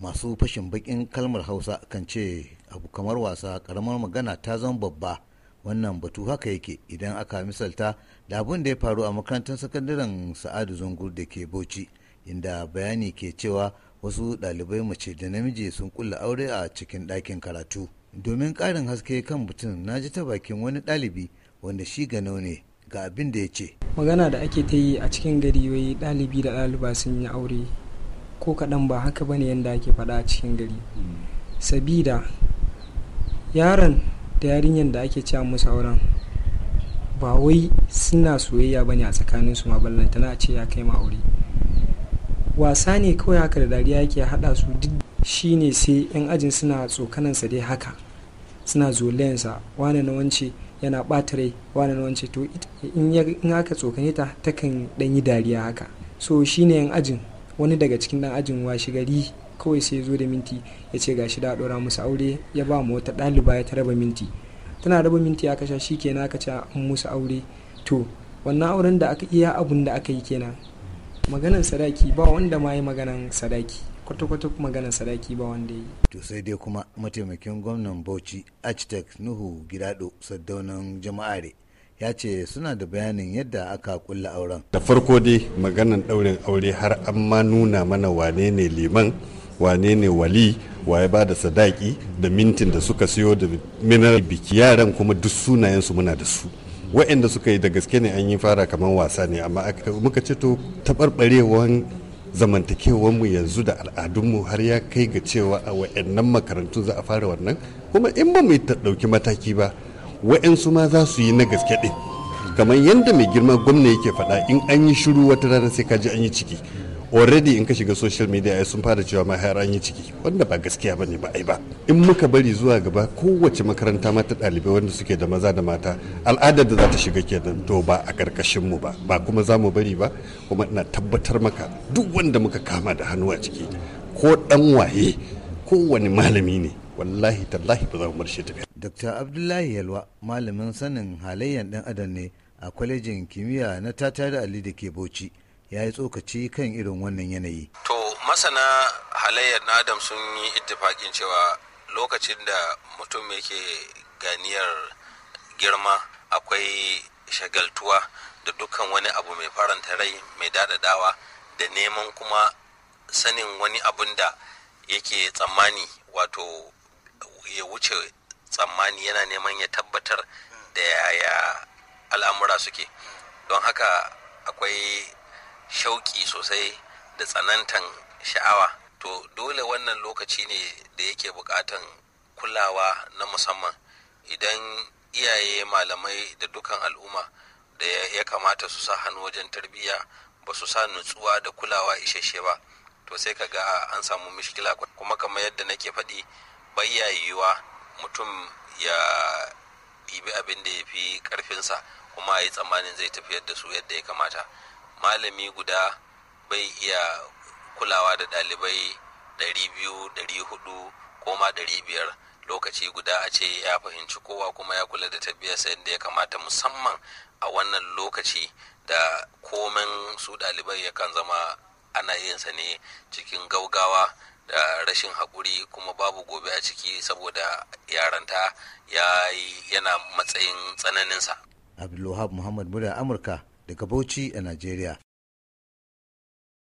masu fashin bakin kalmar hausa kan ce abu kamar wasa karamar magana ta zama babba wannan batu haka yake idan aka misalta da abin da ya faru a makarantar sakandaren sa'adu zungur da ke bauchi inda bayani ke cewa wasu ɗalibai mace da namiji sun kulla aure a cikin ɗakin karatu domin ƙarin haske kan mutum na ji ta bakin wani ɗalibi wanda shi gano ne ga abin da ya ce magana da ake ta yi a cikin gari wai ɗalibi da ɗaliba sun yi aure ko kaɗan ba haka bane yadda ake faɗa a cikin gari sabida yaron da yarinyar da ake cewa musu auren ba wai suna soyayya bane a tsakanin su ma maballanta na ce ya kai ma aure wasa ne kawai haka da dariya yake haɗa su duk shine sai yan ajin suna sa dai haka suna sa wane na wance yana ɓata rai wane na wance to in haka tsokane ta takan ɗan yi dariya haka so shine yan ajin wani daga cikin dan ajin washi gari kawai sai ya zo da minti ya ce ga shi da dora musu aure ya ba mu wata ɗaliba ya ta raba minti tana raba minti aka sha shi kenan aka ce an musu aure to wannan auren da aka iya abun da aka yi kenan maganan sadaki ba wanda ma yi maganan sadaki kwata-kwata maganan sadaki ba wanda yi to sai dai kuma mataimakin gwamnan bauchi architect nuhu gidado jama'a re ya ce suna da bayanin yadda aka kulla auren da farko dai maganan ɗaurin aure har an ma nuna mana wane ne liman wane ne wali waye ba da sadaki da mintin da suka siyo da minar biki yaran kuma duk sunayensu muna da su waɗanda suka yi da gaske ne an yi fara kamar wasa ne amma muka ce to taɓarɓarewan mu yanzu da al'adunmu har ya kai ga cewa a waɗannan makarantu za a fara wannan kuma in ba mu ta ɗauki mataki ba wa'yansu ma za su yi na gaske ɗin kamar yadda mai girma gwamna yake faɗa in an yi shiru wata rana sai ka ji an yi ciki already in ka shiga social media ai sun fara cewa ma har an yi ciki wanda ba gaskiya bane ba ai ba in muka bari zuwa gaba kowace makaranta ma ta ɗalibai wanda suke da maza da mata al'adar da za ta shiga kenan to ba a karkashin mu ba ba kuma za mu bari ba kuma ina tabbatar maka duk wanda muka kama da hannu a ciki ko dan waye kowane malami ne wallahi tallahi ba za mu marshe tafiya. Dr. Abdullahi Yalwa malamin sanin halayyar ɗan adam ne a kwalejin kimiyya na tata da Ali da ke Bauchi ya yi tsokaci kan irin wannan yanayi. To masana halayyar ɗan adam sun yi ittifaƙin cewa lokacin da mutum yake ganiyar girma akwai shagaltuwa da dukkan wani abu mai faranta rai mai daɗaɗawa da neman kuma sanin wani abun da yake tsammani wato ya wuce tsammani yana neman ya tabbatar da yaya al'amura suke don haka akwai shauƙi sosai da tsanantan sha'awa to dole wannan lokaci ne da yake buƙatan kulawa na musamman idan iyaye malamai da dukan al'umma da ya kamata su sa hannu wajen tarbiyya ba su sa nutsuwa da kulawa isasshe ba to sai ka ga an samu mishkila kuma kamar yadda nake faɗi bayya yiwuwa mutum ya ɗibi abin da ya fi ƙarfinsa kuma ya yi tsammanin zai tafiyar da su yadda ya kamata malami guda bai iya kulawa da ɗalibai 200 400 ko ma 500 lokaci guda a ce ya fahimci kowa kuma ya kula da tafiyarsa yadda ya kamata musamman a wannan lokaci da komen su ɗalibai kan zama ana yin sa ne cikin gaugawa da rashin haƙuri kuma babu gobe a ciki saboda yaranta ya yi yana matsayin tsananinsa. Abdulwahab Muhammad Murya Amurka daga Bauchi a Najeriya.